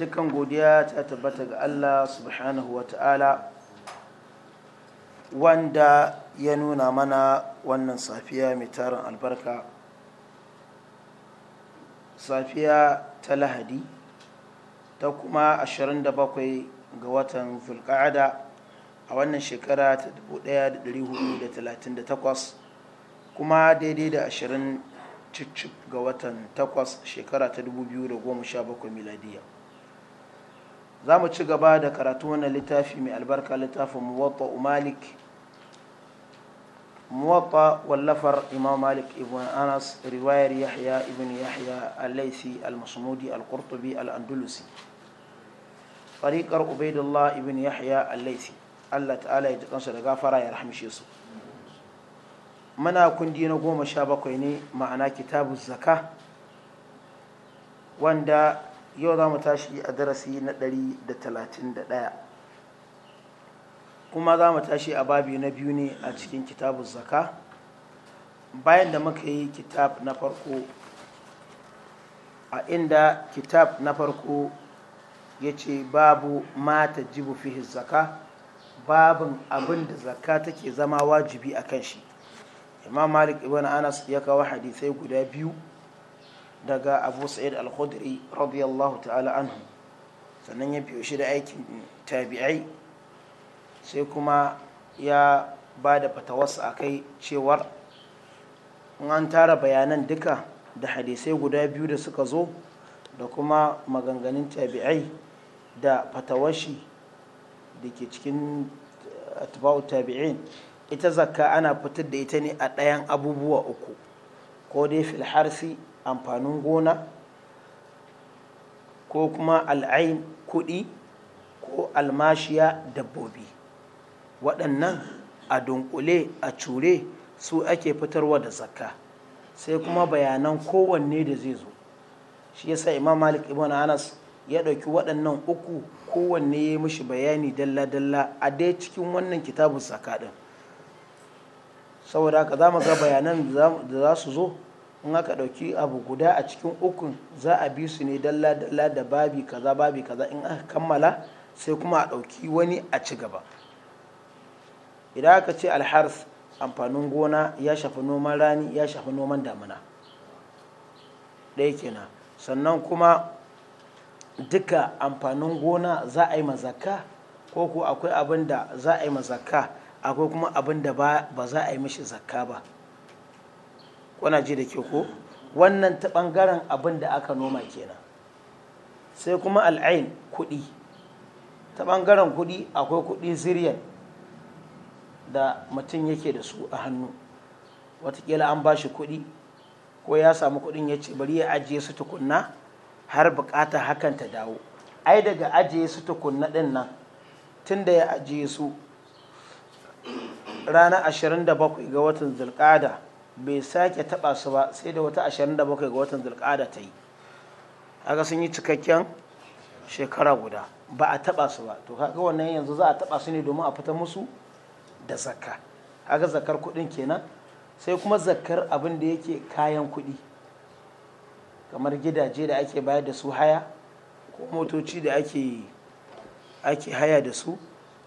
dukkan godiya ta tabbata ga Allah subhanahu wa ta'ala wanda ya nuna mana wannan safiya mai tarin albarka safiya ta lahadi ta kuma 27 ga watan zulka'ada a wannan shekara ta 1438 kuma daidai da 20 ga watan 8 shekara ta 2017 miladiyya za mu ci gaba da karatu wannan littafi mai albarka littafin muwatta malik muwatta wallafar imam malik ibn anas riwayar yahya ibn yahya al-laisi al-masmudi al-qurtubi al-andalusi tariqar ubaidullah ibn yahya al-laisi Allah ta'ala ya ji kansu da gafara ya rahmishe su muna kundi na goma sha bakwai ne ma'ana kitabu zaka wanda yau za mu tashi a darasi na ɗari da da talatin ɗaya. kuma za mu tashi a babi na biyu ne a cikin kitabun zaka bayan da muka yi kitab na farko a inda kitab na farko ya ce babu mata jibu fi zaka babin abin da zaka take zama wajibi a kan shi imam malik ibn anas ya kawo hadisai guda biyu daga abu sa'id al-khudri radiyallahu ta'ala anhu sannan ya fi shi da aikin tabi'ai sai kuma ya ba da fatawarsa a kai cewar in an tara bayanan duka da hadisai guda biyu da suka zo da kuma maganganun tabi'ai da fatawashi da ke cikin eh, atba'u tabi'in ita zakka ana fitar da ita ne a ɗayan abubuwa uku ko dai filharsi amfanin gona ko kuma al'ain kuɗi ko almashiya dabbobi waɗannan a dunkule a cure su ake fitarwa da zakka sai kuma bayanan kowanne da zai zo shi yasa imam malik ibn anas ya ɗauki waɗannan uku kowanne ya yi mishi bayani dalla-dalla a dai cikin wannan kitabun zakka ɗin saboda haka za mu ga bayanan da za su zo in aka ɗauki abu guda a cikin ukun za a bi su ne dalla-dalla da babi kaza babi kaza in aka kammala sai kuma a ɗauki wani a ci gaba idan aka ce alhars amfanin gona ya shafi noman rani ya shafi noman damina ɗaya kenan sannan kuma duka amfanin gona za a yi mazaka ko ko akwai abin da za a yi mazaka akwai kuma abin da ba za a yi mishi zakka ba kuna ji da ke ko wannan ta ɓangaren abin da aka noma kenan sai kuma al'ain kuɗi ta ɓangaren kuɗi akwai kuɗi ziryan da mutum yake da su a hannu watakila an ba shi kuɗi ko ya samu kuɗin ya ce bari ya ajiye su tukunna har bukata hakan ta dawo ai daga ajiye su tukunna ɗin nan tun da ya ajiye su ranar 27 ga watan zulƙada bai sake taɓa su ba sai da wata 27 ga watan zulƙada ta yi haka sun yi cikakken shekara guda ba a taɓa su ba to kaga wannan yanzu za a taɓa su ne domin a fita musu da zakka haka zakar kuɗin kenan sai kuma zakar abin da yake kayan kuɗi kamar gidaje da ake bayar da su haya ko motoci da ake ake haya da su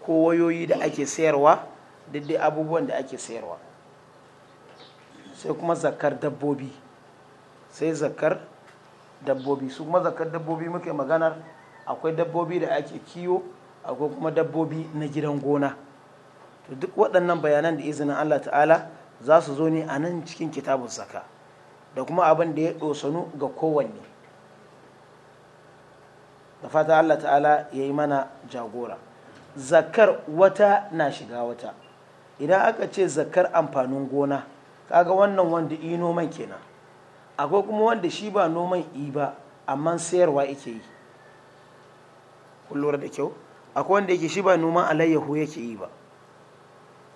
ko wayoyi da ake sayarwa duk abubuwan da ake sayarwa sai kuma zakar dabbobi sai zakar dabbobi su kuma zakar dabbobi muke maganar akwai dabbobi da ake kiyo akwai kuma dabbobi na gidan gona to duk waɗannan bayanan da izinin Allah ta'ala za su zo ne a nan cikin kitabun zaka da kuma abin da ya ɗosanu ga kowanne da fata Allah ta'ala ya yi mana jagora zakar wata na shiga wata idan aka ce zakar amfanin gona kaga wannan wanda i noman kenan akwai kuma wanda shi ba noman i ba amma sayarwa yake yi kun da kyau akwai wanda yake shi ba noman alayyahu yake yi ba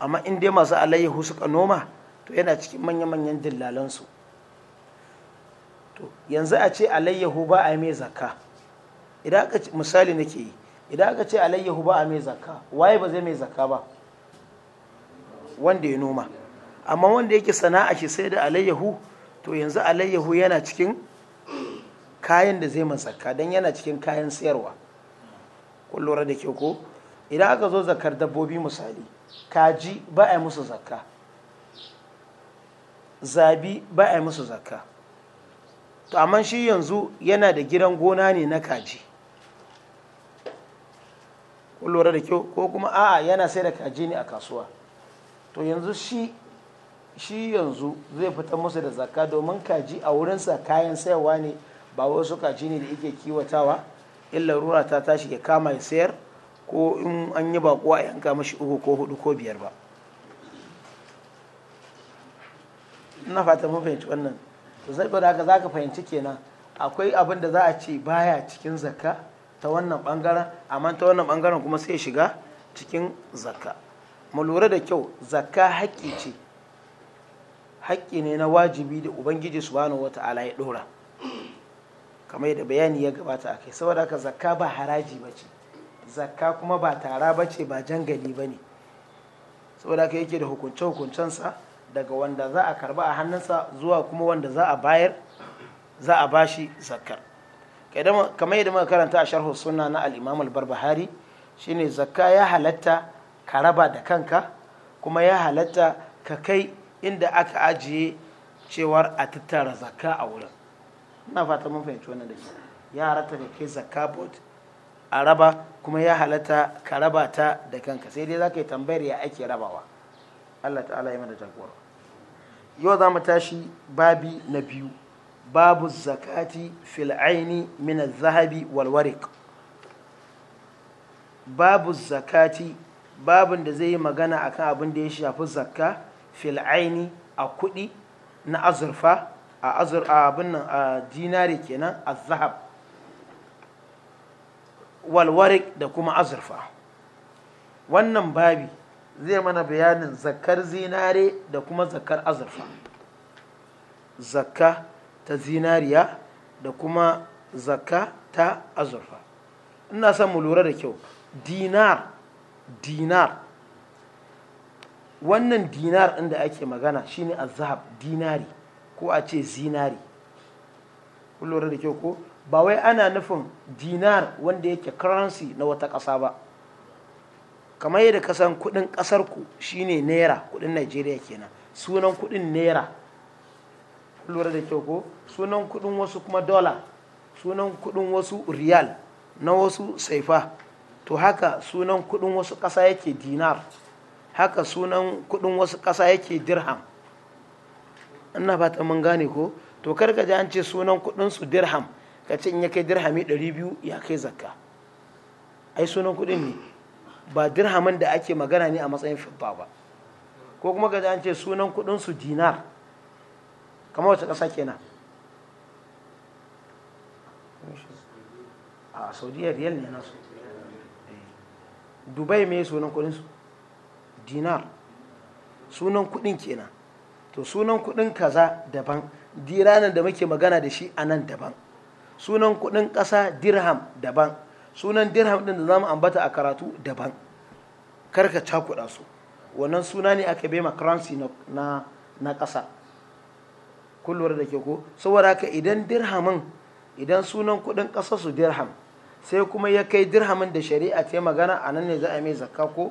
amma in dai masu alayyahu suka noma to yana cikin manya-manyan dillalansu to yanzu a ce alayyahu ba a mai zakka idan aka misali nake yi idan aka ce alayyahu ba a mai zakka waye ba zai mai zakka ba wanda ya noma amma wanda yake sana'a shi sai da alayyahu to yanzu alayyahu yana cikin kayan da zai masaka don yana cikin kayan sayarwa kullura da ke ko idan aka zo zakar dabbobi misali kaji ba a yi musu zakka zabi ba a yi musu zakka to amma shi yanzu yana da gidan gona ne na kaji kullura da kyau ko kuma a'a yana sai da kaji ne a kasuwa to yanzu shi shi yanzu zai fita masa da zakka domin kaji a wurinsa kayan sayarwa ne ba wasu kaji ne da yake kiwatawa illa rura ta tashi ya kama ya sayar ko in an yi bako a yanka mashi uku ko hudu ko biyar ba ina fata mun fahimci wannan to sai bada haka zaka fahimci kenan akwai abin da za a ce baya cikin zakka ta wannan bangaren amma ta wannan bangaren kuma sai shiga cikin zakka mu lura da kyau zakka haƙƙi ce haƙƙi ne na wajibi da ubangiji wata ala ya ɗora kamar yadda bayani ya gabata a kai saboda ka zakka ba haraji ba ce zakka kuma ba tara ba ce ba jangali ba ne saboda ka yake da hukunce-hukuncensa daga wanda za a karba a hannunsa zuwa kuma wanda za a bayar za a shi zakkar kamar yadda muka karanta a sharhu sunna na al al-barbahari shine zakka ya halatta ka raba da kanka kuma ya halatta ka kai inda aka ajiye cewar a tattara zakka a wurin ina fata mun fahimci wannan da ke ya halatta da kai zakka bot a raba kuma ya halatta ka raba ta da kanka sai dai za ka yi tambayar ya ake rabawa allah ta'ala ya mana jagora yau za mu tashi babi na biyu babu zakati fil aini zahabi walwarik babu zakati babin da zai yi magana akan abin da ya shafi zakka fil'aini a kuɗi na azurfa a azur abin nan a dinari kenan a zahab walwarik da kuma azurfa wannan babi zai mana bayanin zakar zinare da kuma zakar azurfa Zaka ta zinariya da kuma zaka ta azurfa ina son mu lura da kyau dinar dinar wannan dinar ɗin da ake magana shine azhab dinari ko a ce zinari kullum da kyau ko ba wai ana nufin dinar wanda yake currency na wata ƙasa ba kamar yadda kasan kuɗin ƙasar ku shine naira kuɗin najeriya kenan sunan kuɗin naira kullum da kyau ko sunan kuɗin wasu kuma dola sunan kuɗin wasu riyal na wasu saifa to haka sunan kuɗin wasu ƙasa yake dinar haka sunan kudin wasu ƙasa yake dirham ina fata mun gane ko to kar ka ji an ce sunan kudin su dirham ka ce in ya kai dirhami 200 ya kai zakka ai sunan kudin ne ba dirhamin da ake magana ne a matsayin fitta ba ko kuma ka ji an ce sunan kudin su dinar kamar wace ƙasa kenan a saudiya riyal ne nasu dubai mai sunan kudin su dinar sunan kuɗin kenan to sunan kuɗin kaza daban diranan da muke magana da shi a nan daban sunan kuɗin ƙasa dirham daban sunan dirham ɗin da zamu ambata a karatu daban karka cakuɗa su wannan suna ne aka bai ma currency na na ƙasa kullum da ke ko saboda haka idan dirhamin idan sunan kuɗin ƙasa su dirham sai kuma ya kai dirhamin da shari'a ta magana a nan ne za a mai zakka ko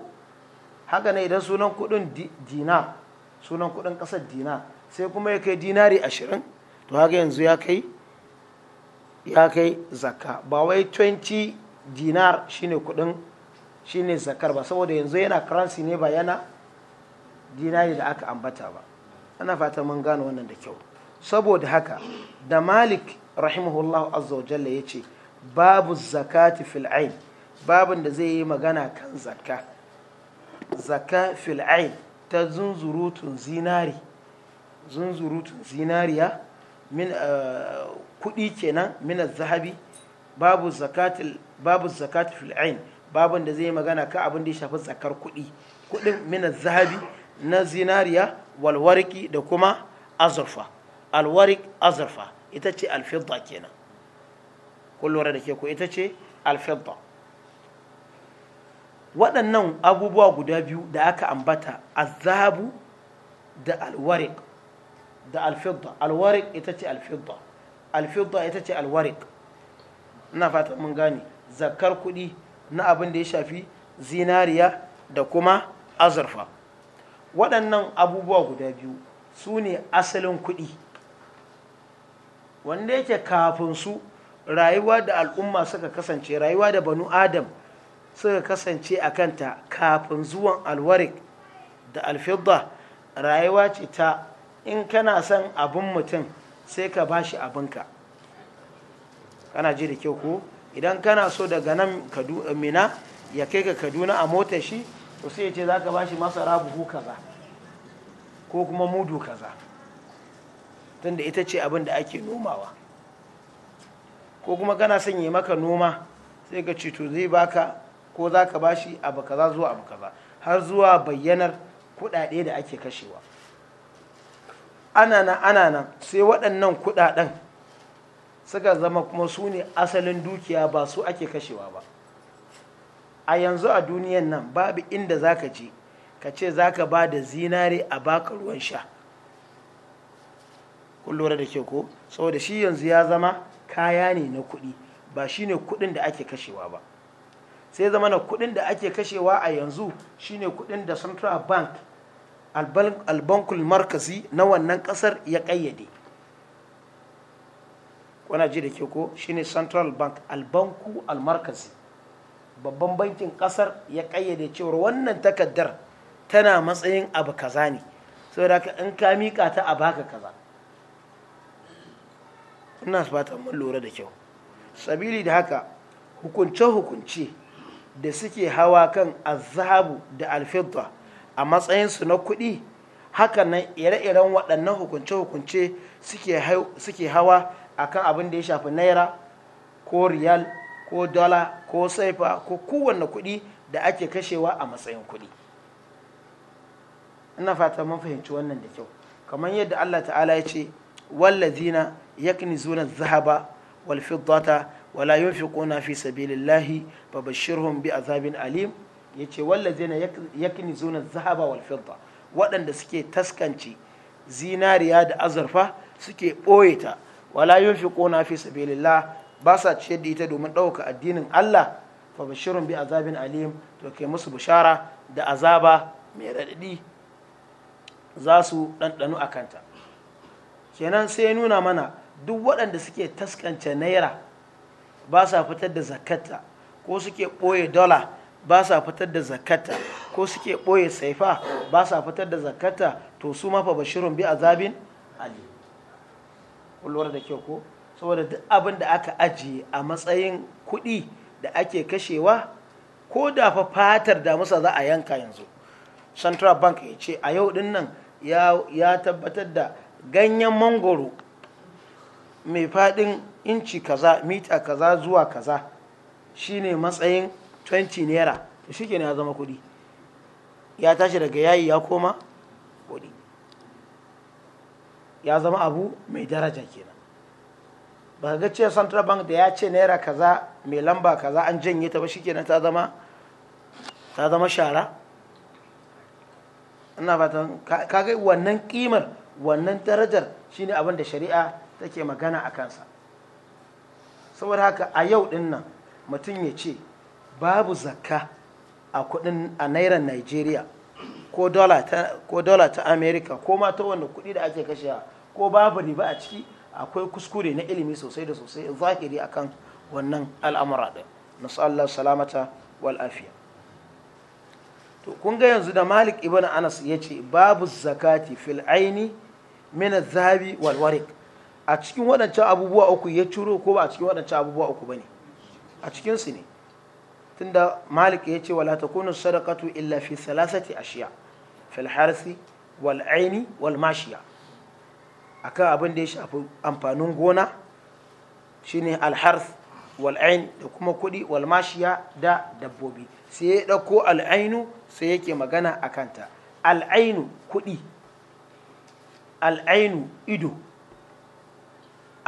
haka ne idan sunan kudin dina sunan kudin kasar dina sai kuma ya kai dinari ashirin to haka yanzu ya kai ya kai zakka ba wai 20 dinar shine kudin shine zakar ba saboda yanzu yana karansi ne ba yana dinari da aka ambata ba ana fata mun gano wannan da kyau saboda haka da malik rahimahullahu azza wa jalla ya ce babu zakati fil ain babin da zai yi magana kan zakka zaka fil'ain ta zunzurutun zinari zunzurutun zinariya min eh, kudi kenan min zahabi babu zakatul babu zakat fil'ain babun da zai magana ka abin da ya shafi zakar kudi kudin min zahabi na zinariya walwariki da kuma azurfa alwarik azurfa ita ce alfidda kenan kun da ke ku ita ce alfidda waɗannan abubuwa guda biyu da aka ambata azabu da alwarik da alfidda alwarik ita ce alfidda alfidda ita ce alwarik ina fata mun gane zakar kuɗi na abin da ya shafi zinariya da kuma azurfa waɗannan abubuwa guda biyu su ne asalin kuɗi wanda yake kafin su rayuwa da al'umma suka kasance rayuwa da banu adam suka kasance a kanta kafin zuwan alwarik da alfidda rayuwa ce ta in kana son abin mutum sai ka bashi abinka kana ji da kyau ko idan kana so daga nan mina ya kai ka kaduna a mota shi to sai ya ce za ka bashi masara buhu kaza ko kuma mudu kaza tun da ita ce abin da ake nomawa ko kuma kana son yi maka noma sai ka ce to zai baka ko za ka bashi abu kaza zuwa abu kaza har zuwa bayyanar kuɗaɗe da ake kashewa ana nan ana nan sai waɗannan kuɗaɗen suka zama kuma su ne asalin dukiya ba su ake kashewa ba a yanzu a duniyan nan babu inda za ka je ka ce za ka ba da zinare a baka ruwan sha kun da ke ko saboda shi yanzu ya zama kaya ne na kuɗi ba shi ne kuɗin da ake kashewa ba sai zama na kudin da ake kashewa a yanzu shine kudin da central bank albankul markazi na wannan kasar ya kayyade wana ji da ke ko shine central bank albanku almarkazi babban bankin kasar ya kayyade cewar wannan takaddar tana matsayin abu kaza ne saboda ka in ka mika ta a baka kaza ina fatan mun lura da kyau sabili da haka hukunce-hukunce da suke hawa kan azabu da alfidda a matsayinsu na kuɗi nan ire-iren waɗannan hukunce-hukunce suke hawa a kan abin da ya shafi naira ko riyal ko dala ko saifa ko kowanne kuɗi da ake kashewa a matsayin kuɗi ina fata mun fahimci wannan da kyau kamar yadda allah ta'ala ya ce wallazina yaknizuna zahaba walfidda wala yunfiquna fi sabilillahi babashshirhum bi zabin alim yace wallazina yaknizuna zahaba wal waɗanda suke taskance zinariya da azurfa suke ɓoye ta wala yunfiquna fi sabilillah ba sa ciyar da ita domin ɗauka addinin Allah fa bashirun bi zabin alim to ke musu bishara da azaba mai raɗaɗi za su ɗanɗano a kanta kenan sai ya nuna mana duk waɗanda suke taskance naira ba sa fitar da zakata ko suke ɓoye dola ba sa fitar da zakata ko suke ɓoye saifa ba sa fitar da zakata to su mafa bashirun bi azabin ali kullum da kyau ko saboda duk abin da aka ajiye a matsayin kuɗi da ake kashewa ko da fa fatar musa za a yanka yanzu central bank ya ce a yau din nan ya tabbatar da ganyen mangoro mai faɗin inci kaza mita kaza zuwa kaza shine matsayin 20 naira to shi ya zama kuɗi ya tashi daga yayi ya koma kuɗi ya zama abu mai daraja kenan ba ga ce central bank da ya ce naira kaza mai lamba kaza an janye ta ba shi ta zama ta zama shara ina fatan kaga wannan kimar wannan darajar shine abin da shari'a take magana a kansa saboda haka a yau din nan mutum ya ce babu zakka a kudin a naira nigeria ko dola ta america ko ma ta wanda kudi da ake kashe ko babu riba a ciki akwai kuskure na ilimi sosai da sosai zahiri kan wannan al'amura din nasu allah salamata wal afiya to kun ga yanzu da malik ibn anas ya ce babu zakati fil aini min a cikin waɗancan abubuwa uku ya ciro ko ba a cikin waɗancan abubuwa uku ba ne a cikinsu ne tun da malik ya ce wala takunu sadakatu illa fi salasati ashiya fil harsi wal aini wal mashiya akan abin da ya shafi amfanin gona shine al hars wal ain da kuma kuɗi walmashiya da dabbobi sai ya ɗauko al sai yake magana a kanta al ainu kuɗi al ido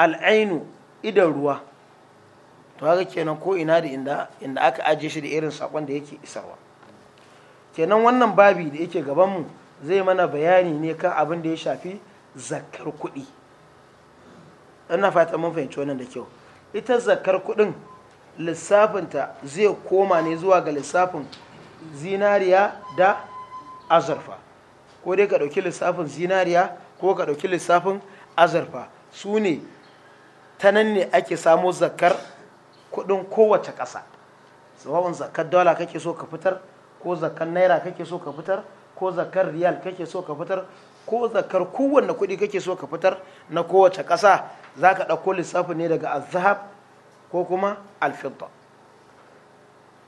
al'ainu idan ruwa to haka kenan ko ina da inda aka ajiye shi da irin sakon da yake isarwa kenan wannan babi da yake gabanmu zai mana bayani ne kan abin da ya shafi zakar kuɗi ina fata mun fahimci wannan da kyau ita zakar kuɗin lissafinta zai koma ne zuwa ga lissafin zinariya da azurfa ko dai ka ɗauki lissafin zinariya ko ka ɗauki lissafin azurfa su ne ta nan ne ake samo zakar kudin kowace ƙasa sababin zakar dola kake so ka fitar ko zakar naira kake so ka fitar ko zakar riyal kake so ka fitar ko zakar kowanne kudi kake so ka fitar na kowace ƙasa za ka ɗauko lissafi ne daga azhab ko kuma alfidda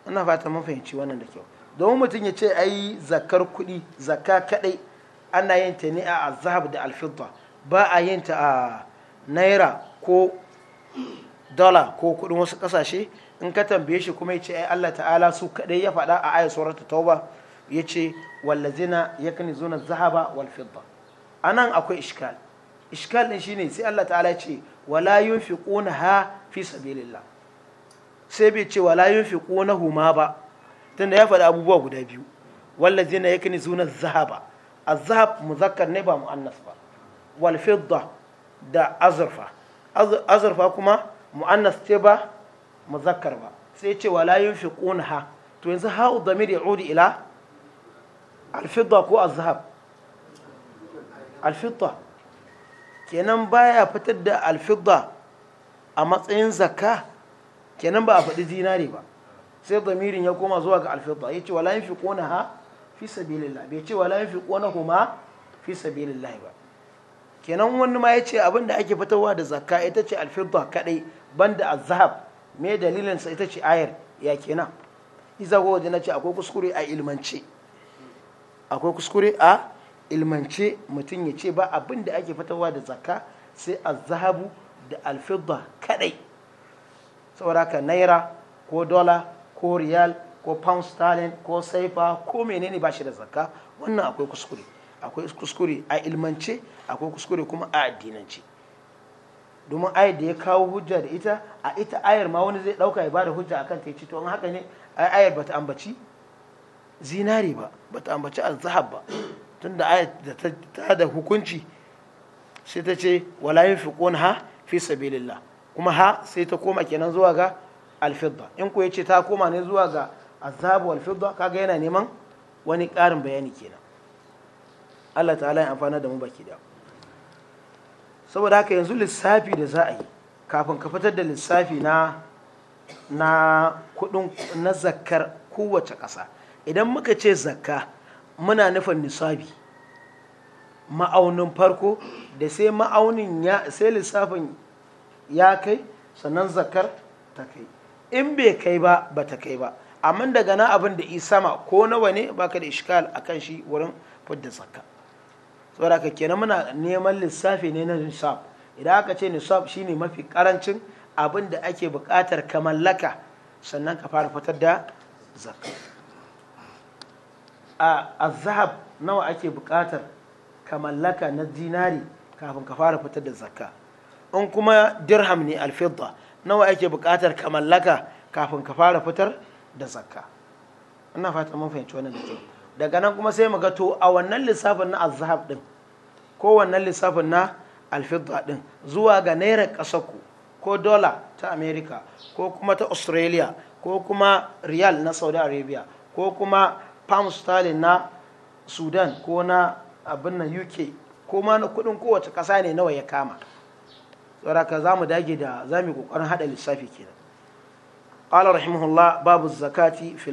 ina fata mun fahimci wannan da kyau domin mutum ya ce ai zakar kuɗi zakka kaɗai ana yin ta ne a azhab da alfidda ba a yin ta a naira ko dala ko kudin wasu kasashe in ka tambaye shi kuma ya ce ai Allah ta'ala su kadai ya faɗa a ayat surat tauba ya ce wallazina zuna zahaba wal fidda anan akwai iskal iskal din shine sai Allah ta'ala ya ce wala yunfiquna ha fi sabilillah sai bai ce wala yunfiquna huma ba tunda ya faɗi abubuwa guda biyu wallazina zuna zahaba az-zahab muzakkar ne ba muannas ba wal fidda da azurfa azurfa kuma mu'annas ce ba muzakkar ba sai ce wala ha to yanzu ha'u damir ya'udu ila alfidda ko azhab alfidda kenan baya fitar da alfidda a matsayin zakka kenan ba a faɗi zinare ba sai damirin ya koma zuwa ga alfidda ya ce wala yunfiqunha fi sabilillah bai ce wala yunfiqunahuma fi fi sabilillah ba kenan wani ma ya ce abin da ake fitowa da zakka ita ce alfidda kadai banda azhab me dalilin sa ita ce ayar ya kenan iza ko na ce akwai kuskure a ilmance akwai kuskure a ilmance mutum ya ce ba abin da ake fitowa da zakka sai azhabu da alfidda kadai saboda ka naira ko dola ko riyal ko pound sterling ko saifa ko menene ba shi da zakka wannan akwai kuskure akwai kuskure a ilmance akwai kuskure kuma a addinance domin ayar da ya kawo hujja da ita a ita ayar ma wani zai dauka ya bada hujja kan ta yace to an haka ne ayar bata ambaci zinari ba bata ambaci azhab ba tunda ayar da ta da hukunci sai ta ce wala yunfiqun ha fi sabilillah kuma ha sai ta koma kenan zuwa ga alfidda in ko yace ta koma ne zuwa ga azhab wal fidda kaga yana neman wani ƙarin bayani kenan Allah ta'ala ya amfana da mu baki da saboda haka yanzu lissafi da za a yi kafin ka fitar da lissafi na na kudin na zakkar kowace ƙasa idan muka ce zakka muna nufin nisabi ma'aunin farko da sai ma'aunin ya sai lissafin ya kai sannan zakar ta kai in bai kai ba ba ta kai ba amma daga na abin da isama ko nawa ne baka da ishkal akan shi wurin fudda zakka saboda ka kenan muna neman lissafi ne na nisab idan aka ce nisab shine mafi karancin abin da ake buƙatar ka mallaka sannan ka fara fitar da zakka a zahab nawa ake buƙatar ka mallaka na dinari kafin ka fara fitar da zakka in kuma dirham ne alfidda nawa ake buƙatar ka mallaka kafin ka fara fitar da zakka ina fata mun fahimci wannan da kyau daga nan kuma sai mu ga to a wannan lissafin na azhab din ko wannan lissafin na alfidda din zuwa ga naira ku ko dola ta america ko kuma ta australia ko kuma riyal na saudi arabia ko kuma pound sterling na sudan ko na abin nan uk ko ma na kudin kowace ƙasa ne nawa ya kama tsoraka za mu dage da za mu kokarin haɗa lissafi kenan قال رحمه الله باب الزكاة في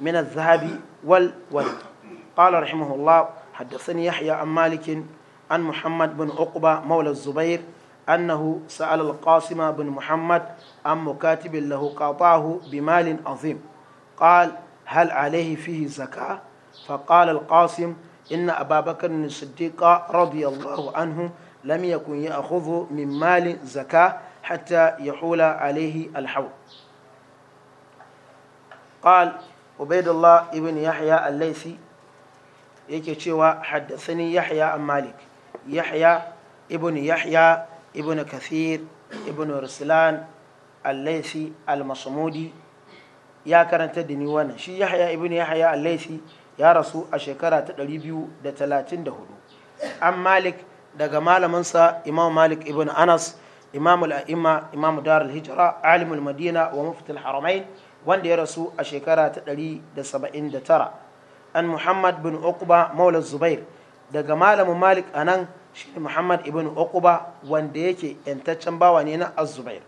من الذهب والورد قال رحمه الله حدثني يحيى عن مالك عن محمد بن عقبة مولى الزبير أنه سأل القاسم بن محمد عن مكاتب له قاطعه بمال عظيم قال هل عليه فيه زكاة فقال القاسم إن أبا بكر الصديق رضي الله عنه لم يكن يأخذ من مال زكاة حتى يحول عليه الحول قال ubaidullah ibn yahya al-laisi yake cewa haddasani yahya an malik yahya ibn yahya ibn kasir ibn ruslan al-laisi al-masmudi ya karanta da ni wannan shi yahya ibn yahya al-laisi ya rasu a shekara ta 234 an malik daga malaminsa imam malik ibn anas imam al-a'imma imam darul hijra alimul madina wa mufti haramain wanda ya rasu a shekara ta ɗari da 179 an muhammad bin uqba maula zubair daga malamin malik anan shi muhammad ibn uqba wanda yake yantaccen bawa ne na azubair zubair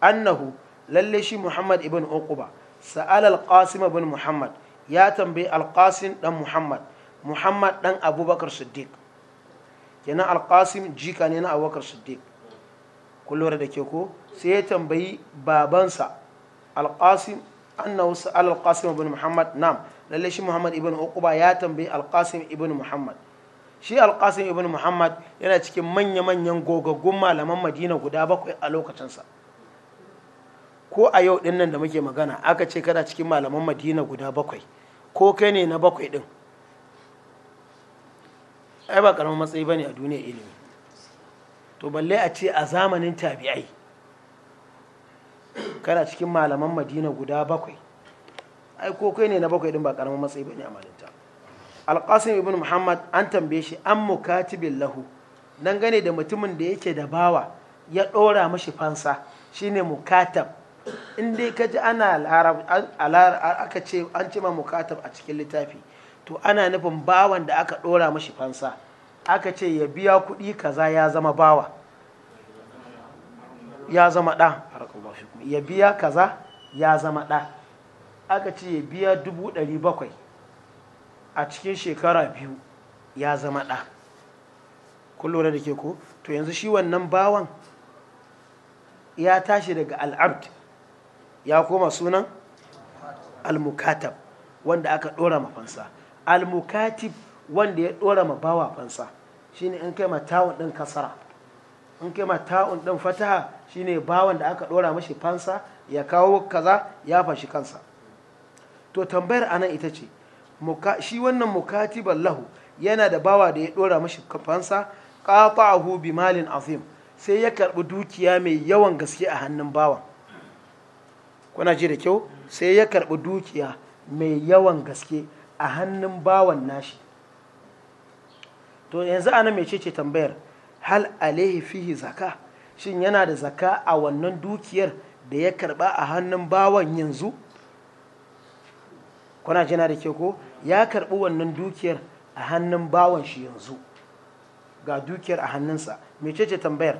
annahu lalle shi muhammad ibn uqba sa'al al-qasim muhammad ya tambayi al-qasim dan muhammad muhammad ɗan abubakar siddiq kenan al-qasim jika ne na abubakar siddiq kullum da ke ko sai ya tambayi babansa alƙasim annahu sa'ala alƙasim ibn muhammad nam lalle shi muhammad ibn uquba ya tambayi alƙasim ibn muhammad shi alƙasim ibn muhammad yana cikin manya-manyan gogaggun malaman madina guda bakwai a lokacinsa ko a yau ɗinnan nan da muke magana aka ce kana cikin malaman madina guda bakwai ko kai ne na bakwai ɗin ai ba karamin matsayi bane a duniya ilimi to balle a ce a zamanin tabi'ai kana cikin malaman madina guda bakwai ai ko kai ne na bakwai din ba karamin matsayi bane a malinta alqasim ibn muhammad an tambaye shi an mukatibin lahu gane da mutumin da yake da bawa ya dora mashi fansa shine mukatab in dai ka ji ana aka ce an ce ma mukatab a cikin littafi to ana nufin bawan da aka dora mashi fansa aka ce ya biya kuɗi kaza ya zama bawa ya zama ɗa ya biya kaza ya zama ɗa aka ce ya biya dubu ɗari bakwai a cikin shekara biyu ya zama ɗa kun da ke ko to yanzu shi wannan bawan ya tashi daga al'abd ya koma sunan al-mukatab wanda aka ɗora mafansa al mukatab wanda ya ɗora ma bawa fansa shine in kai ma ɗin kasara in kai mata'un ta'un ɗin fataha shine bawan da aka ɗora mashi fansa ya kawo kaza ya fashi kansa to tambayar anan ita ce shi wannan mukatiban lahu yana da bawa da ya ɗora mashi fansa qata'ahu bi malin azim sai ya karɓi dukiya mai yawan gaske a hannun bawan kuna ji da kyau sai ya karɓi dukiya mai yawan gaske a hannun bawan nashi to yanzu anan mai ce tambayar hal alaihi fihi zaka shin yana da zaka a wannan dukiyar da ya karba a hannun bawan yanzu kuna jina da ke ko ya karbi wannan dukiyar a hannun bawan shi yanzu ga dukiyar a hannunsa mecece tambayar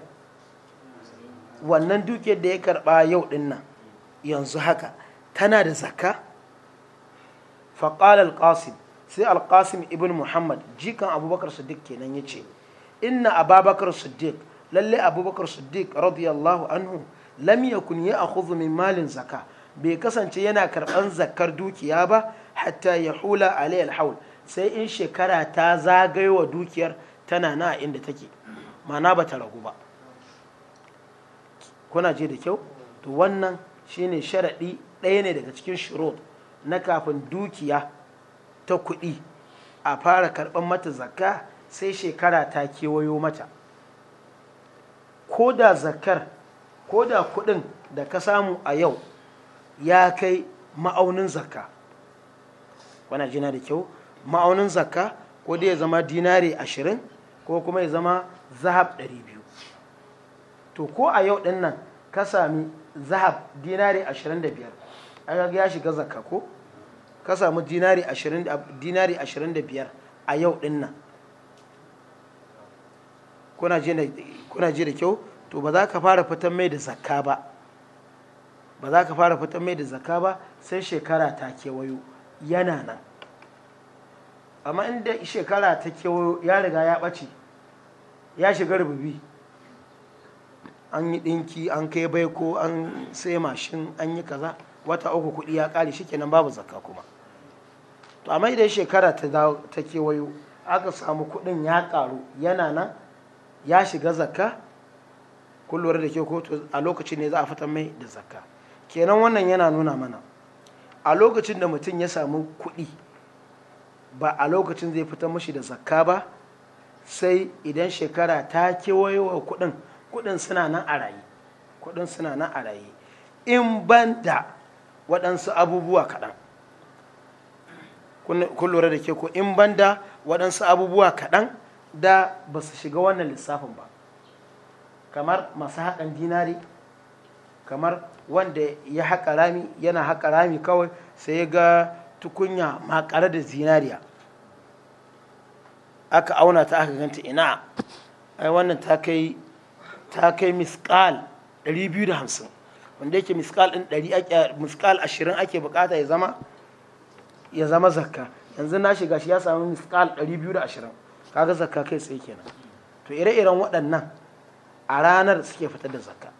wannan dukiyar da ya karba yau dinnan yanzu haka tana da zaka faƙalar ƙasim sai alƙasim ibn muhammad jikan abubakar su duk kenan ya ce inna ababakar siddiq lalle abubakar siddiq radiyallahu anhu lam yakun ya akhudhu min malin zaka bai kasance yana karban zakar dukiya ba hatta ya hula alai alhaul sai in shekara ta zagayowa dukiyar tana na inda take mana ba ta ragu ba kuna je da kyau to wannan shine sharaɗi ɗaya ne daga cikin shirut na kafin dukiya ta kuɗi a fara karɓar mata zakka sai shekara ta kewayo mata ko da zakar ko da kuɗin da ka samu a yau ya kai ma'aunin zakka wana jina da kyau ma'aunin zakka ko da ya zama dinari ashirin ko kuma ya zama zahab ɗari biyu to ko a yau ɗin nan ka sami zahab dinari ashirin da biyar an ya shiga zakka ko ka samu dinari ashirin da biyar a yau ɗin nan kuna ji da kyau to ba za ka fara fitan mai da zakka ba ba za ka fara fitan mai da zakka ba sai shekara ta kewayo yana nan amma inda shekara ta kewayo ya riga ya ɓace ya shiga rububi an yi ɗinki an kai baiko an sai mashin an yi kaza wata uku kuɗi ya ƙare shi kenan babu zakka kuma to amma idan shekara ta kewayo aka samu kuɗin ya ƙaru yana nan ya shiga zakka kullum da ke ko a lokacin ne za a fitar mai da zakka kenan wannan yana nuna mana a lokacin da mutum ya samu kuɗi ba a lokacin zai fita mashi da zakka ba sai idan shekara ta kewayewa kuɗin kuɗin suna nan a raye kuɗin suna nan a raye in ban da waɗansu abubuwa kaɗan kun da ke ko in ban da waɗansu abubuwa kaɗan da ba su shiga wannan lissafin ba kamar masu haƙan dinari kamar wanda ya haƙa rami yana haƙa rami kawai sai ya ga tukunya makare da zinariya aka auna ta aka ganta ina ai wannan ta kai ta kai miskal 250 wanda yake miskal din 100 ake 20 ake bukata ya zama ya zama zakka yanzu na shiga shi ya sami miskal 220 kaga zakka kai tsaye kenan to ire-iren waɗannan a ranar suke fitar da zakka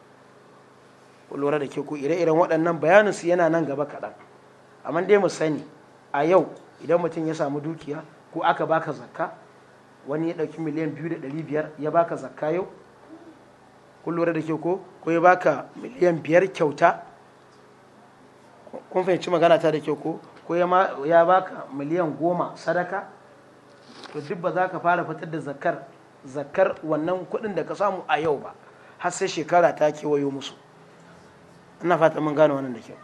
lura da ke ku ire-iren waɗannan bayanin su yana nan gaba kaɗan amma dai mu sani a yau idan mutum ya samu dukiya ko aka baka zakka wani ya ɗauki miliyan biyu da ɗari biyar ya baka zakka yau kun lura da ke ko ko ya baka miliyan biyar kyauta kun fahimci magana ta da ke ko ko ya baka miliyan goma sadaka to duk ba za ka fara fitar da zakar zakar wannan kuɗin da ka samu a yau ba har sai shekara ta kewayo musu ina fata mun gane wannan da kyau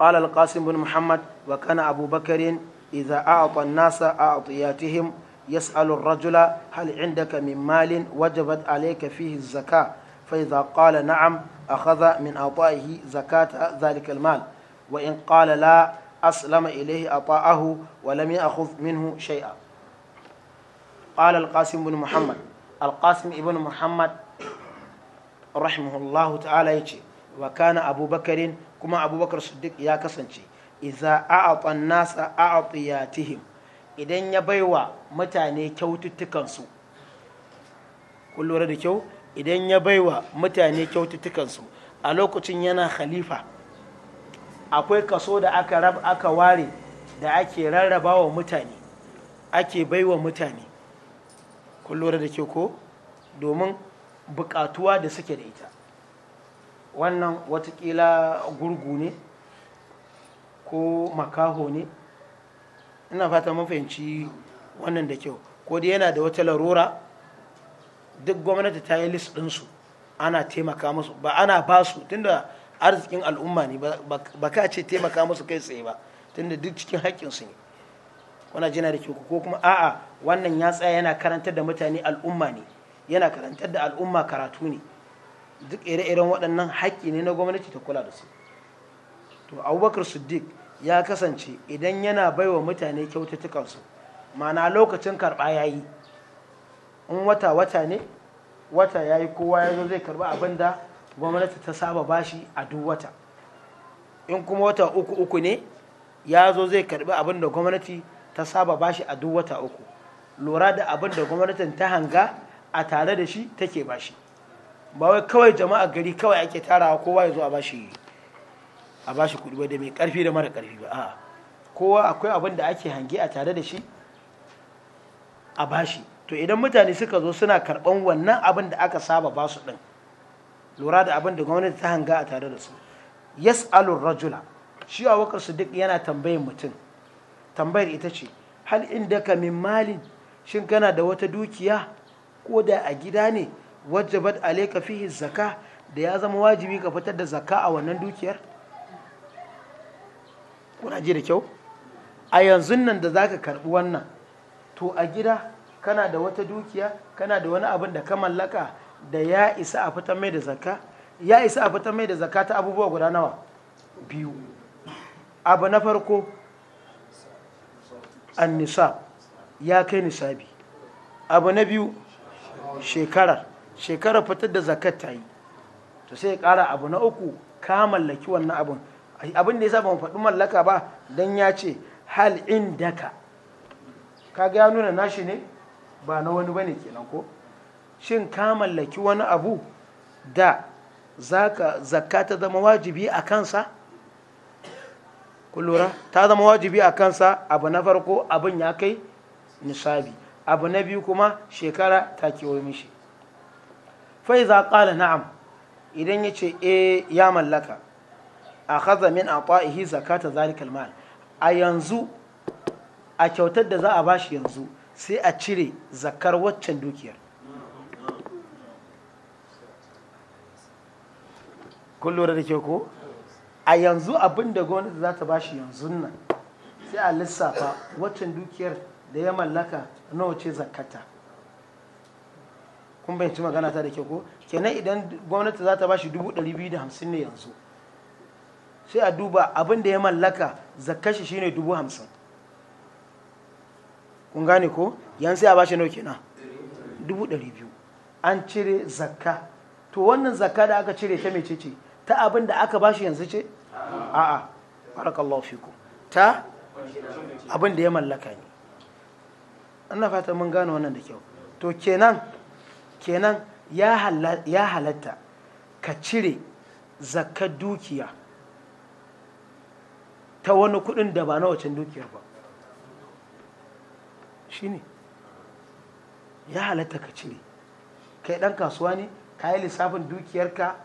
قال القاسم بن محمد وكان أبو بكر إذا أعطى الناس أعطياتهم يسأل الرجل هل عندك من مال وجبت عليك فيه الزكاة فإذا قال نعم أخذ من عطائه زكاة ذلك المال وإن قال لا أسلم إليه أطاعه ولم يأخذ منه شيئا قال القاسم بن محمد القاسم ابن محمد رحمه الله تعالى يجي وكان أبو بكر كما أبو بكر الصديق يا كسنشي إذا أعطى الناس أعطياتهم idan ya baiwa mutane kyaututtukansu kun lura da kyau idan ya baiwa mutane kyaututtukansu a lokacin yana khalifa akwai kaso da aka rab aka ware da ake rarraba wa mutane ake baiwa mutane kullum da ke ko domin bukatuwa da suke da ita wannan watakila gurgu ne ko makaho ne ina fata mafahimci wannan da kyau ko dai yana da wata larura duk gwamnati ta yi list ɗinsu ana taimaka musu ba ana basu tunda arzikin al'umma ne ba ka ce taimaka musu kai tsaye ba tunda duk cikin haƙƙinsu ne wana jina da kyau ko kuma a'a wannan ya tsaya yana karantar da mutane al'umma ne yana karantar da al'umma karatu ne duk ire-iren waɗannan haƙƙi ne na gwamnati ta kula da su to abubakar siddiq ya kasance idan yana baiwa mutane kyaututtukansu ma'ana lokacin karɓa ya yi in wata wata ne wata ya yi kowa ya zo zai karɓi abin da gwamnati ta saba bashi a duk wata in kuma wata uku uku ne ya zo zai karbi abin da gwamnati ta saba bashi a duk wata uku lura da abin da gwamnatin ta hanga a tare da shi take bashi ba wai kawai jama'a gari kawai ake tarawa kowa ya zo a bashi a bashi kudi ba da mai karfi da mara karfi ba a'a kowa akwai abin da ake hange a tare da shi a bashi to idan mutane suka zo suna karban wannan abin da aka saba basu ɗin lura da abin da gwamnati ta hanga a tare da su yas'alu rajula shi su duk yana tambayin mutum tambayar ita ce hal indaka min malin shin kana da wata dukiya ko da a gida ne wajabat alayka fihi zaka da ya zama wajibi ka fitar da zaka a wannan dukiyar kuna ji da kyau a yanzu nan da zaka karbi wannan to a gida kana da wata dukiya kana da wani abin da ka mallaka da ya isa a fitar mai da zaka, ya isa a fitar mai da zaka ta abubuwa guda nawa biyu abu na farko an nisa ya kai nisabi abu na biyu shekara shekara fitar da zakat ta yi to sai ya kara abu na uku ka mallaki wannan abin abin da ya saba faɗi mallaka ba don ya ce hal daka ka ga ya nuna nashi ne ba na wani bane kenan ko shin ka mallaki wani abu da zakka ta zama wajibi a kansa kullura ta zama wajibi a kansa abu na farko abin ya kai nisabi abu na biyu kuma shekara ta kewaye mishi fai za ƙala na'am idan ya ce e ya mallaka a haza min a ƙwa'ihi zakata zalikal mal a yanzu a kyautar da za a bashi yanzu sai a cire zakar waccan dukiyar kun lura da ke ko a yanzu abin da gwamnati za ta bashi yanzu nan sai a lissafa waccan dukiyar da ya mallaka nawa ce zakata kun bayanci magana ta da ke ko kenan idan gwamnati za ta bashi dubu ɗari biyu da hamsin ne yanzu sai a duba abin da ya mallaka zakashi shine dubu hamsin kun gane ko yan sai a bashi nawa kenan dubu ɗari biyu an cire zakka to wannan zakka da aka cire ta mecece ce ta abin da aka bashi yanzu ce a'a barakallahu Fiku ta abin da ya mallaka ne ina fata mun gano wannan da kyau to kenan kenan ya halatta ka cire zakar dukiya ta wani kudin da ba na wacin dukiyar ba shi ne ya halatta ka cire kai ɗan kasuwa ne ka yi lissafin dukiyarka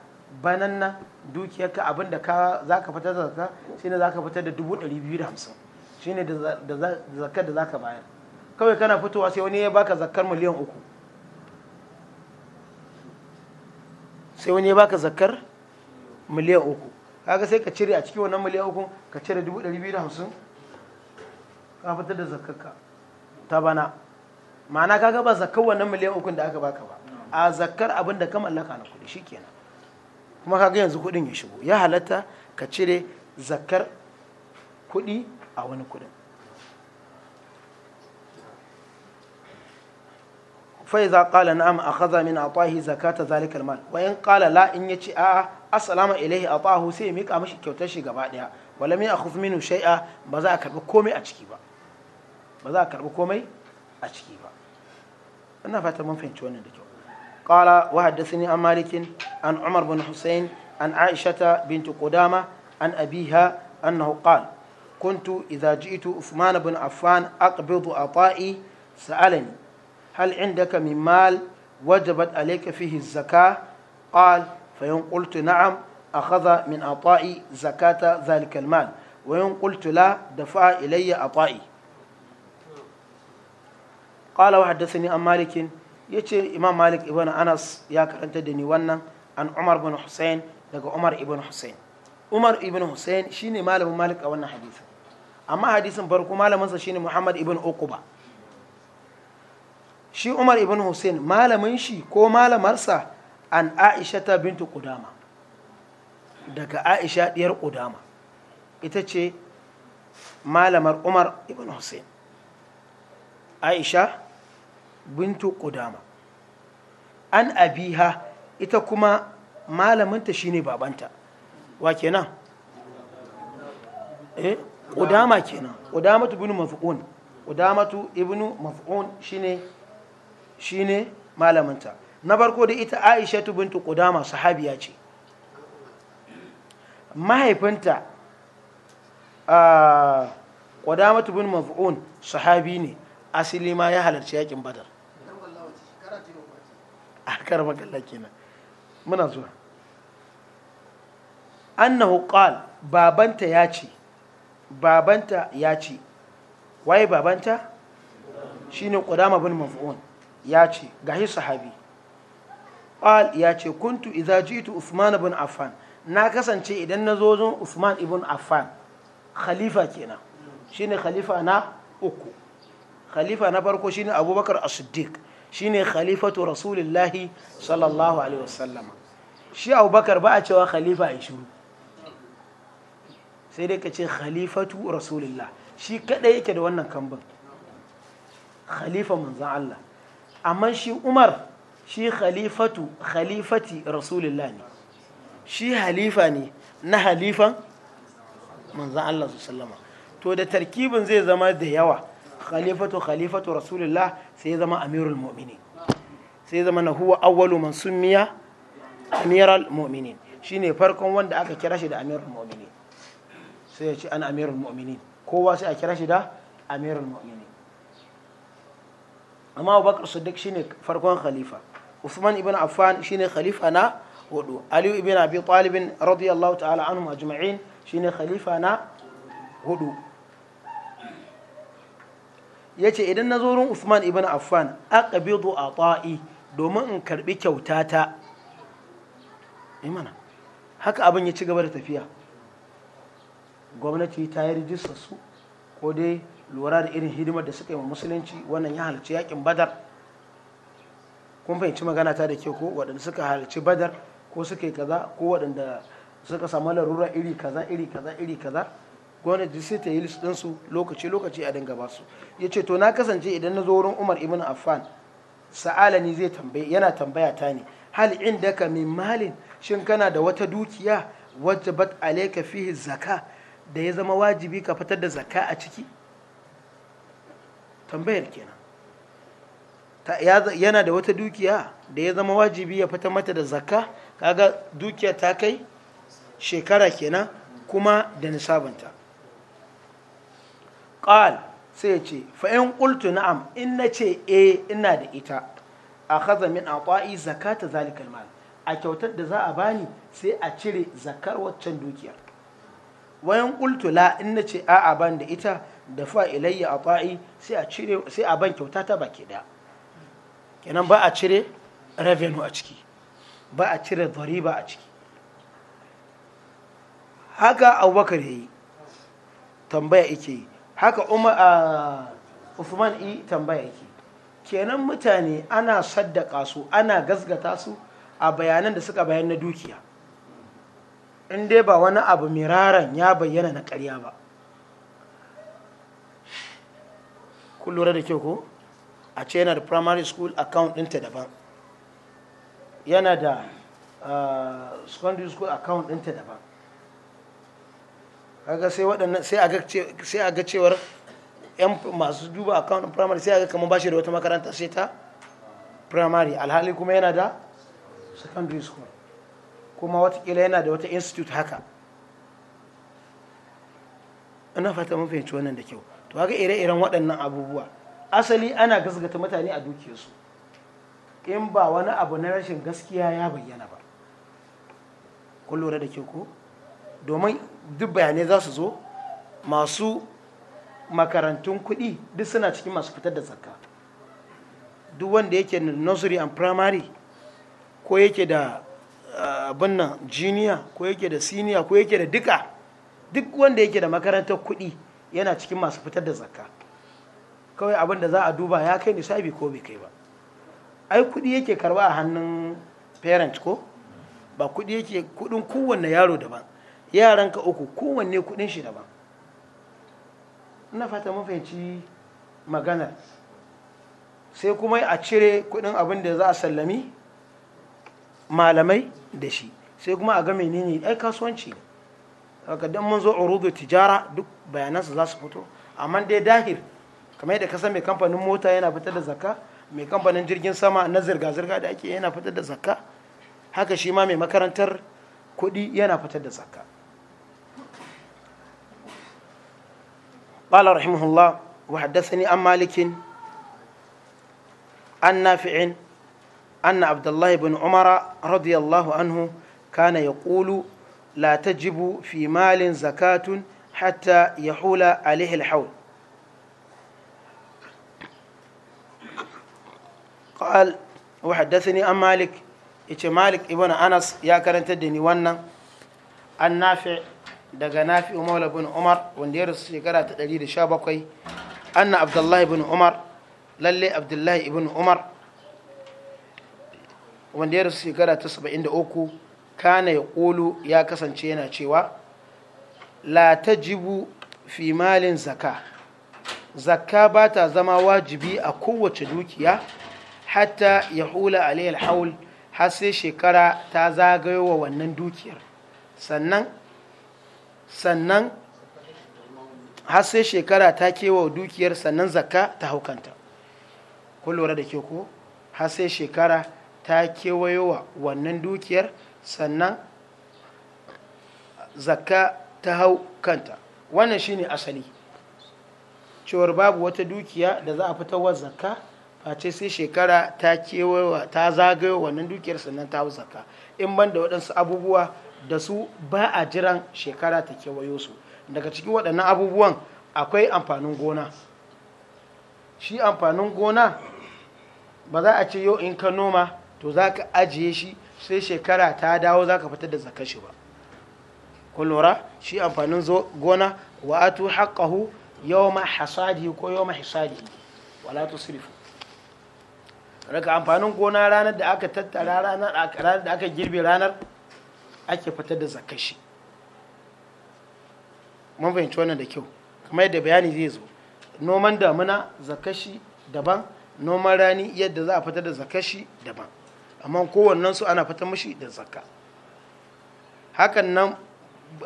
banan nan dukiyarka abin da za ka fitar da zaka shi ne za ka fitar da dubu ɗari biyu da hamsin shi ne da zakar da za ka bayar kawai kana fitowa sai wani ya baka zakar miliyan uku sai wani ya baka zakar miliyan uku kaga sai ka cire a cikin wannan miliyan uku ka cire dubu ɗari biyu da hamsin ka fitar da zakarka ta bana ma'ana kaga ba zakar wannan miliyan uku da aka baka ba a zakar abin da ka mallaka na kuɗi shikenan kuma kaga yanzu kudin ya shigo ya halatta ka cire zakar kudi a wani kudin fai za ƙala na'am a kaza min a ƙwahi zakata zalikar mal wayan ƙala la'in ya ce a asalama ilaihi a ƙwahu sai ya miƙa mashi kyautar shi gaba ɗaya wala min a minu shai'a ba za a karbi komai a ciki ba ba za a karbi komai a ciki ba ina fata mun fahimci wannan da kyau kala wa haddasa ni an malikin عن عمر بن حسين عن عائشة بنت قدامة عن أبيها أنه قال كنت إذا جئت عثمان بن عفان أقبض عطائي سألني هل عندك من مال وجبت عليك فيه الزكاة قال فإن قلت نعم أخذ من عطائي زكاة ذلك المال وإن قلت لا دفع إلي عطائي قال وحدثني عن مالك يتي إمام مالك ابن أنس يا كرنت دني ونن an umar bin hussein daga umar ibn hussein umar ibn hussein shine malamin malik a wannan hadisi amma hadisin farko malaminsa shine muhammad ibn uquba shi umar ibn hussein malamin shi ko malamarsa an aisha ta bintu kudama daga aisha diyar kudama ita ce malamar umar ibn hussein aisha bintu kudama an abiha ita kuma malaminta ne babanta wa kenan eh udama kenan udamatu ibn maf'un udamatu ibn maf'un shi ne malaminta na farko da ita Aisha bintu Qudama sahabiya ce mahaifinta a Qudama bin mafi'un sahabi ne asali ma ya halarci yakin Badar a karba kenan muna zuwa annahu qal babanta ya ce babanta ya ce waye babanta shine qudama bin maf'un ya ce gahi sahabi qal ya ce kuntu idza jitu usman bin affan na kasance idan na zo zon usman ibn affan khalifa kenan shine khalifa na uku khalifa na farko shine abubakar as-siddiq shine khalifatu rasulillahi sallallahu alaihi wasallama shi abubakar ba a cewa khalifa ya shiru sai dai ka ce khalifatu rasulullah shi kaɗai yake da wannan kambin khalifa manzan Allah amma shi umar shi khalifatu khalifati rasulullah ne shi halifa ne na halifan manzan Allah su sallama to da tarkibin zai zama da yawa khalifatu khalifatu rasulullah sai zama amirul mu'mini sai zama na huwa awwalu man summiya amiral mu'minin shi ne farkon wanda aka kira shi da amirul mu'minin sai ya ce an amirul mu'minin kowa sai a kira shi da amirul mu'minin amma abubakar shi ne farkon khalifa usman ibn affan shi ne khalifa na hudu aliyu ibn abi talibin radiyallahu ta'ala an anhum shi ne khalifa na hudu ya ce idan na zo wurin usman ibn affan a ata'i domin in karbi kyautata Eh mana haka abin ya ci gaba da tafiya gwamnati ta yi rijistar su ko dai lura da irin hidimar da suka yi wa musulunci wannan ya halarci yakin badar kun fahimci magana ta da ke ko waɗanda suka halarci badar ko suka yi kaza ko waɗanda suka samu larura iri kaza iri kaza iri kaza gwamnati sai ta yi listinsu lokaci lokaci a dinga basu ya ce to na kasance idan na zo wurin umar ibn affan sa'alani zai tambaye yana tambaya ta ne hal inda ka min malin shin kana da wata dukiya wacce bat alayka fihi zaka da ya zama wajibi ka fitar da zaka a ciki tambayar kenan yana da wata dukiya da ya zama wajibi ya fitar mata da zaka kaga dukiya ta kai shekara kenan kuma da nisabanta qal sai ya ce fa'in ƙultu na'am in na ce e ina da ita a haza min zakata zalikal mal a kyautar da za a bani sai a cire zakar waccan dukiyar wayan kultula in na ce a'a ban da ita da fa ilayya a ta'i sai a sai a ban kyauta ta baki da kenan ba a cire revenue a ciki ba a cire ba a ciki haka abubakar yi tambaya yake yi haka umar a ufman i tambaya yake kenan mutane ana saddaka su ana gazgata su a bayanan da suka bayan na dukiya in dai ba wani abu miraran ya bayyana na karya ba kun lura da kyau ko a ce yana da primary school account ɗinta daban yana da ah, secondary school account ɗinta daban kaga sai waɗannan sai a ga cewar yan masu duba account primary sai a ga kamar bashi da wata makaranta sai ta primary alhali kuma yana da secondary school kuma watakila yana da wata institute haka ina fata mun fahimci wannan da kyau to haka ire-iren waɗannan abubuwa asali ana gasgata mutane a dukiyarsu in ba wani abu na rashin gaskiya ya bayyana ba kun lura da kyau ko domin duk bayanai za su zo masu makarantun kuɗi duk suna cikin masu fitar da zakka duk wanda yake nursery and primary ko yake da ah, abin nan jiniya ko yake da siniya ko yake da duka duk wanda yake da makarantar kuɗi yana cikin masu fitar da zakka kawai abin da za a duba ya kai nisabi ko bai kai ba ai kuɗi yake karba a hannun parent ko ba kuɗi yake kuɗin kowanne yaro daban yaranka uku kowanne kuɗin shi daban ina fata mun fahimci maganar sai kuma a cire kuɗin abin da za a sallami malamai da shi sai kuma a ga menene ai kasuwanci ne haka dan mun zo urudu tijara duk bayanansu za su fito amma dai dahir kamar yadda ka san mai kamfanin mota yana fitar da zakka mai kamfanin jirgin sama na zirga-zirga da ake yana fitar da zakka haka shi ma mai makarantar kuɗi yana fitar da zakka قال رحمه الله وحدثني عن مالك عن نافع أن عبد الله بن عمر رضي الله عنه كان يقول لا تجب في مال زكاة حتى يحول عليه الحول قال وحدثني عن مالك إيش مالك ابن أنس يا كرنت الدني وانا النافع daga nafi maula bin umar wanda ya rasu shekara ta 117 anna abdullahi bin umar lalle abdullahi ibn umar wanda ya rasu shekara ta 73 kana ya Kolo ya kasance yana cewa la ta fi malin zaka zakka ba ta zama wajibi a kowace dukiya hatta ya hula alayyar haul har sai shekara ta zagayo wa wannan dukiyar sannan sannan har sai shekara ta kewa dukiyar sannan zakka ta haukanta Kullum da ke ko har sai shekara ta kewayowa wannan dukiyar sannan zakka ta hau kanta wannan shine asali cewar babu wata dukiya da za a fitarwa zakka face sai shekara ta kewayowa ta zagayo wannan dukiyar sannan ta hau zakka in ban da waɗansu abubuwa da su ba a jiran shekara ta kewayo su daga cikin waɗannan abubuwan akwai amfanin gona shi amfanin gona ba za a ce yau in ka noma to za ka ajiye shi sai shekara ta dawo za ka fitar da zakar shi ba kun lura shi amfanin gona wa atu yau ma hasadi ko ma hasadi wala sirifu raka amfanin gona ranar da aka tattara ranar da aka girbe ranar ake fitar da zakar shi mun fahimci wannan da kyau kamar yadda bayani zai zo noman damuna zakashi daban noman rani yadda za a fitar da zakashi daban amma kowannen su ana fata mashi da zakka hakan nan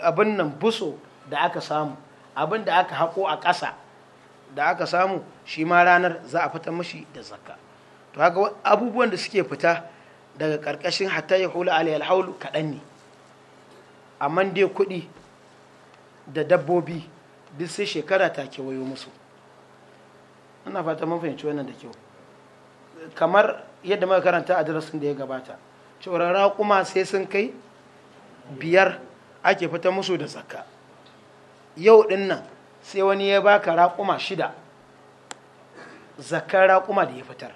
abin nan buso da aka samu abin da aka hako a ƙasa da aka samu shi ma ranar za a fita mashi da zakka to haka abubuwan da suke fita daga ƙarƙashin hatta ya hula alai alhaulu kaɗan ne amma dai kuɗi da dabbobi duk sai shekara ta kewayo musu ana fata mun fahimci wannan da kyau kamar yadda muka karanta a darasin da ya gabata cewar raƙuma sai sun kai biyar ake fita musu da tsaka yau ɗin nan sai wani ya baka raƙuma shida zakar raƙuma da ya fitar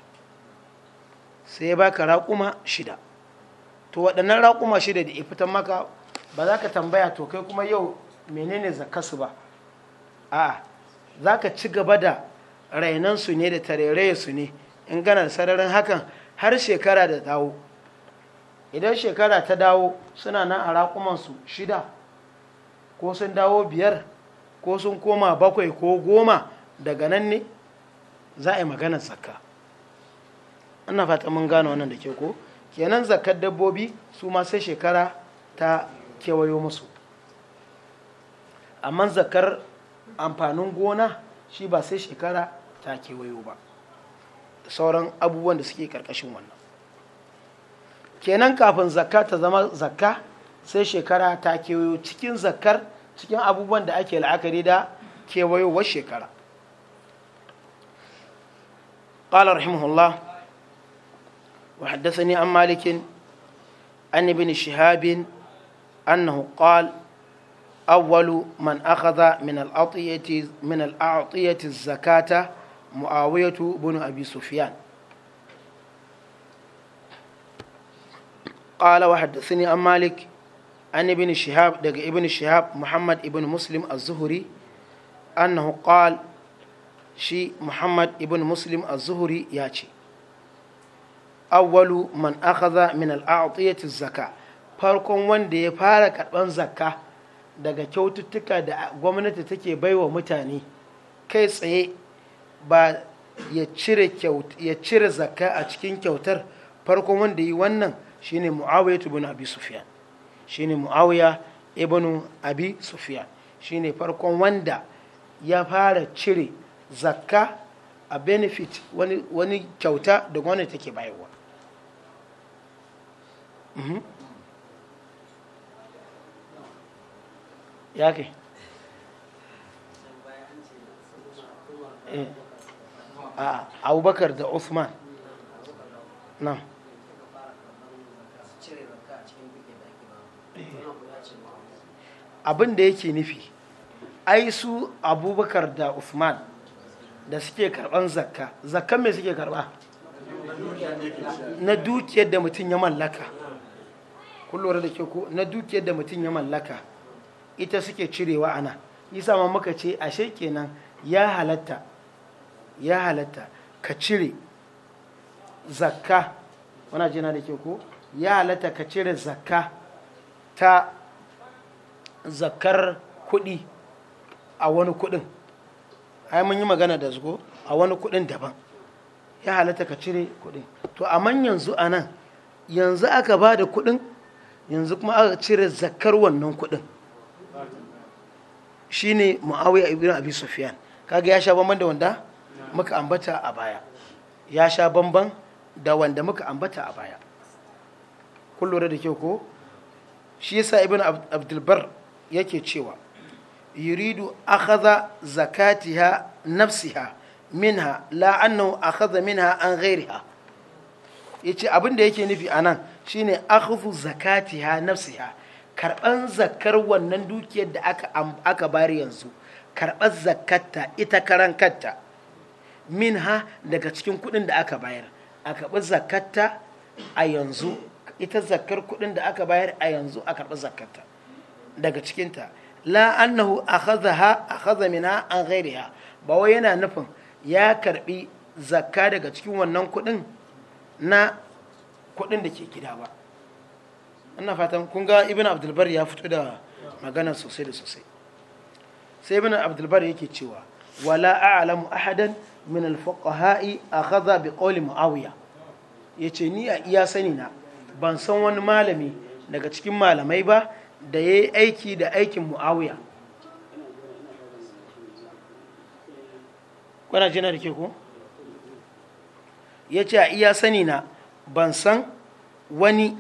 sai ya baka raƙuma shida to waɗannan raƙuma shida da ya fitar maka ba za ka tambaya to kai kuma yau menene zakasu ba a'a za ka ci gaba da rainansu ne da su ne in kana sararin hakan har shekara da dawo idan shekara ta dawo suna nan a raƙumansu shida ko sun dawo biyar ko sun koma bakwai ko goma daga nan ne za a yi maganar zakka ina fata mun gano wannan da ke ko kenan zakkar dabbobi su ma sai shekara ta kewayo musu amma zakkar amfanin gona shi ba sai shekara ta kewayo ba sauran abubuwan da suke karkashin wannan kenan kafin zakka ta zama zakka sai shekara ta kewayo cikin zakkar cikin abubuwan da ake la'akari da kewayowar shekara قال رحمه الله وحدثني عن مالك عن ابن شهاب أنه قال أول من أخذ من الأعطية من الأعطية الزكاة mu'awiyatu bin abi sufyan qala wa haddathani an malik an ibn shihab daga ibn shihab muhammad ibn muslim az-zuhri annahu qala shi muhammad ibn muslim az-zuhri ya ce awwalu man akhadha min al-a'tiyati zakah farkon wanda ya fara karban zakka daga kyaututtuka da gwamnati take baiwa mutane kai tsaye ba ya cire ya cire zakka a cikin kyautar farkon wanda yi wannan shine muawiya ibn abi sufyan shine muawiya ibn abi sufyan shine farkon wanda ya fara cire zakka a benefit wani, wani kyauta da wani take bayarwa mm -hmm. ya ke eh. a abubakar da usman nan abin da yake nufi ai su abubakar da usman da suke karban zakka zakkan me suke karba na dukiyar da mutum ya mallaka kullum da ke ko na dukiyar da mutum ya mallaka ita suke cirewa ana yi ma muka ce ashe kenan ya halatta ya halatta ka cire zakka wana jina da ke ko ya halatta ka cire zakka ta zakkar kuɗi a wani kuɗin ai mun yi magana da zugo a wani kuɗin daban ya halatta ka cire kuɗin to amma yanzu a nan yanzu aka ba da kuɗin yanzu kuma aka cire zakkar wannan kuɗin shine muawiya ibn abi sufyan kaga ya sha banban da wanda muka ambata a baya ya sha bamban da wanda muka ambata a baya kun da kyau ko shi yasa ibn abdulbar yake cewa yuridu akhadha zakatiha nafsiha minha la annahu akhadha minha an ghairiha yace abin da yake nufi anan shine akhadhu zakatiha nafsiha karban zakar wannan dukiyar da aka aka bari yanzu karɓar zakatta ita karan min ha daga cikin kuɗin da aka bayar a karɓi zakatta a yanzu ita zakar kuɗin da aka bayar a yanzu a karɓi zakatta daga cikinta la annahu a akhadha minha an ghayriha ba wai yana nufin ya karɓi zakka daga cikin wannan kuɗin na kuɗin da ke gida ba ina fatan kun ga ibn abdulbar ya fito da magana sosai da sosai sai ibn abdulbar yake cewa wala a'lamu ahadan min alfaqaha'i akhadha biqawli muawiya yace ni a iya sani na ban san wani malami daga cikin malamai ba da yi aiki da aikin muawiya kuna jina da ke ko yace a iya sani na ban san wani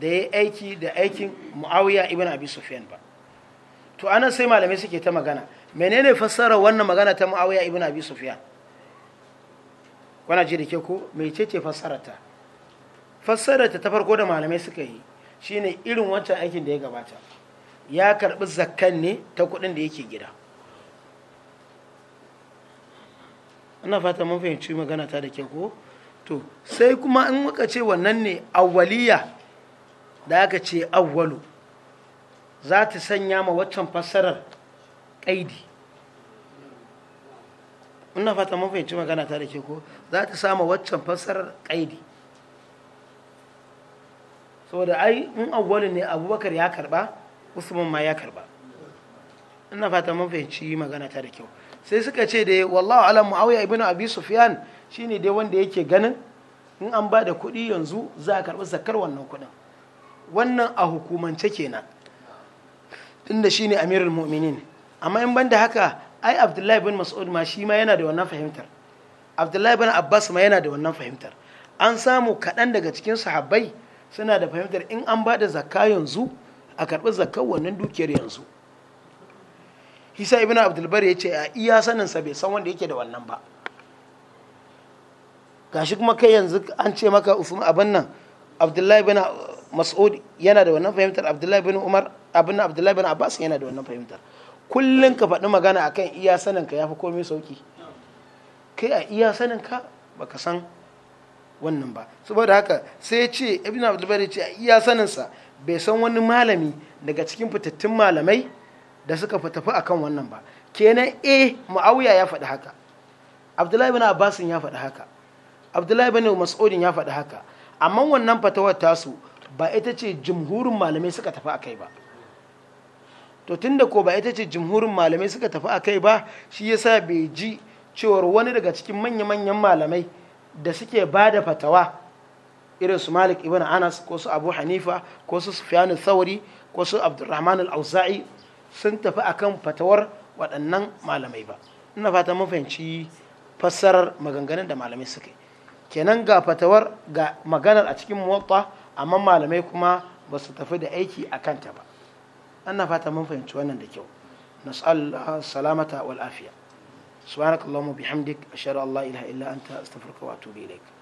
da yi aiki da aikin muawiya ibn abi sufyan ba to anan sai malamai suke ta magana menene fassara wannan magana ta muawiya ibn abi sufyan kuna ji da ke ko mecece fassararta fassararta ta farko da malamai suka yi shine irin wancan aikin da ya gabata ya karbi zakkan ne ta kuɗin da yake gida ana fata mun fahimci magana ta da ke ko to sai kuma in muka ce wannan ne awwaliya da aka ce awwalu za ta sanya ma waccan fassarar kaidi. ina fata mun fahimci magana ta da ke ko za ta samu waccan fassarar kaidi saboda ai in awwalin ne abubakar ya karba usman ma ya karba ina fata mun fahimci magana ta da kyau sai suka ce da wallahu alam muawiya ibn abi sufyan shine dai wanda yake ganin in an ba da kuɗi yanzu za a karɓi zakar wannan kuɗin wannan a hukumance kenan tunda shine amirul mu'minin amma in banda haka ai abdullahi bin mas'ud ma shi ma yana da wannan fahimtar abdullahi bin abbas ma yana da wannan fahimtar an samu kaɗan daga cikin sahabbai suna da fahimtar in an ba da zakka yanzu a karɓi zakkar wannan dukiyar yanzu hisa ibn abdulbar ya ce a iya saninsa bai san wanda yake da wannan ba gashi kuma kai yanzu an ce maka usman abin nan abdullahi bin mas'ud yana da wannan fahimtar abdullahi bin umar abin abdullahi bin abbas yana da wannan fahimtar kullum ka faɗi magana akan iya saninka ya fi komai sauki kai a iya saninka ka san wannan ba saboda haka sai ce ibn abdulbari ce a iya saninsa bai san wani malami daga cikin fitattun malamai da suka tafi akan wannan ba kenan e eh, ma'auya ya faɗi haka abdullahi bin abbasin ya faɗi haka abdullahi bin mas'udin ya faɗi haka amma wannan fatawar tasu ba ita ce jumhurin malamai suka tafi a kai ba to tunda ko ba ita ce jumhurin malamai suka tafi a kai ba shi yasa bai ji cewar wani daga cikin manya-manyan malamai da suke ba da fatawa irin su malik ibn anas ko su abu hanifa ko su sufyanu thawri ko su abdurrahman al-auza'i sun tafi akan fatawar waɗannan malamai ba ina fata mun fassarar maganganun da malamai suke kenan ga fatawar ga maganar a cikin muwatta amma malamai kuma ba su tafi da aiki a kanta ba ana fata mun fahimci wannan da kyau nas'al salamata wal afiya subhanakallahumma bihamdik ashhadu an la ilaha illa anta astaghfiruka wa atubu ilaik